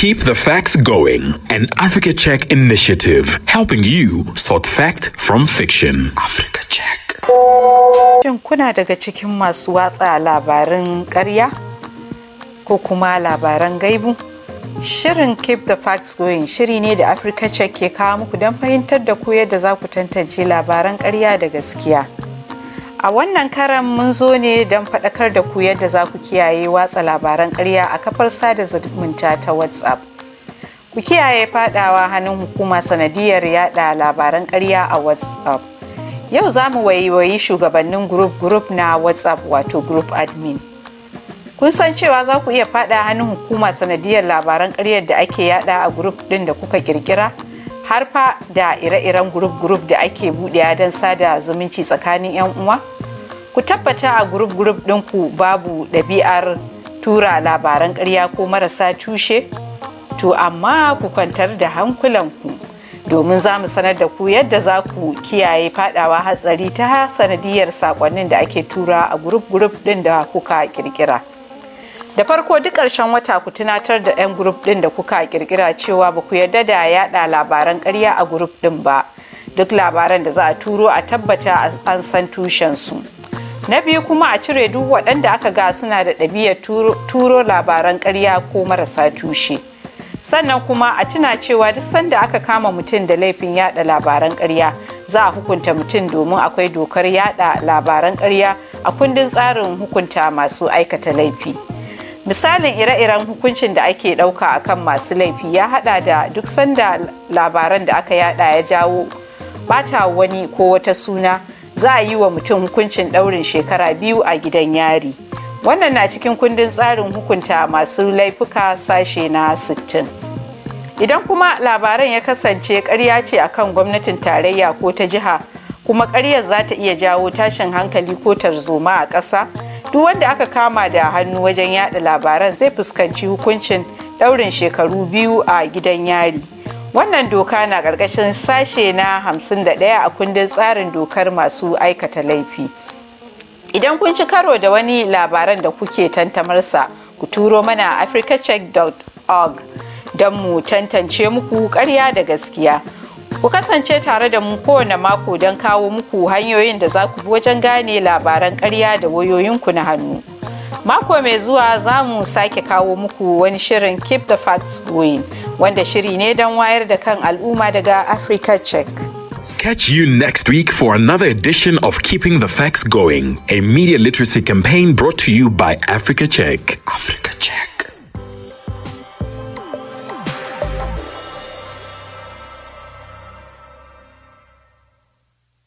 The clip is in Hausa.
Keep the Facts Going, an Africa Check initiative helping you sort fact from fiction. Africa Check. Shin kuna daga cikin masu watsa labaran ƙarya ko kuma labaran gaibu? Shirin Keep the Facts Going shiri ne da Africa Check ke kawo muku don fahimtar da ku yadda za ku tantance labaran ƙarya da gaskiya. A wannan karan mun zo ne don faɗakar da ku yadda za ku kiyaye watsa labaran ƙarya a kafar sada zumunta ta WhatsApp. Ku kiyaye faɗawa hannun hukuma sanadiyar yada labaran ƙarya a WhatsApp. Yau za mu wayi shugabannin group group na WhatsApp wato group admin. Kun san cewa za ku iya faɗa hannun hukuma sanadiyar labaran ƙaryar da ake yada a group ɗin da kuka ƙirƙira? har fa da ire-iren grup-grup da ake buɗewa don sada zumunci tsakanin 'yan uwa ku tabbata a grup-grup ɗin ɗinku babu ɗabi'ar tura labaran ƙarya ko marasa tushe to amma ku kwantar da hankulanku domin za mu sanar da ku yadda za ku kiyaye fadawa hatsari ta sanadiyar saƙonnin da ake tura a gurup grup ɗin da kuka ƙirƙira. da farko duk ƙarshen wata ku tunatar da 'yan grup ɗin da kuka kirkira cewa ba ku yarda da yaɗa labaran ƙarya a grup ɗin ba duk labaran da za a turo a tabbata an san su, na biyu kuma a cire duk waɗanda aka ga suna da ɗabi'ar turo labaran ƙarya ko marasa tushe sannan kuma a tuna cewa duk sanda aka kama mutum da laifin yada labaran ƙarya za a hukunta mutum domin akwai dokar yada labaran ƙarya a kundin tsarin hukunta masu aikata laifi. misalin ire-iren hukuncin da ake ɗauka kan masu laifi ya haɗa da duk sanda labaran da aka yada ya jawo bata wani ko wata suna za a yi wa mutum hukuncin ɗaurin shekara biyu a gidan yari wannan na cikin kundin tsarin hukunta masu laifuka sashe na 60 idan kuma labaran ya kasance ƙarya ce akan gwamnatin tarayya ko ta jiha kuma ƙaryar za ta iya jawo tashin hankali ko tarzoma a ƙasa duk wanda aka kama da hannu wajen yada labaran zai fuskanci hukuncin daurin shekaru biyu a gidan yari wannan doka na ƙarƙashin sashe na 51 a kundin tsarin dokar masu aikata laifi idan kun ci karo da wani labaran da kuke tantamarsa ku turo mana africacheck.org don mu tantance muku karya da gaskiya Ku kasance tare da mu kowane mako don kawo muku hanyoyin da za ku bi wajen gane labaran ƙarya da wayoyinku na hannu. Mako mai zuwa za mu sake kawo muku wani shirin Keep the Facts Going wanda shiri ne don wayar da kan al'umma daga Africa Check. Catch you next week for another edition of Keeping the Facts Going, a media literacy campaign brought to you by Africa Check. Africa Check.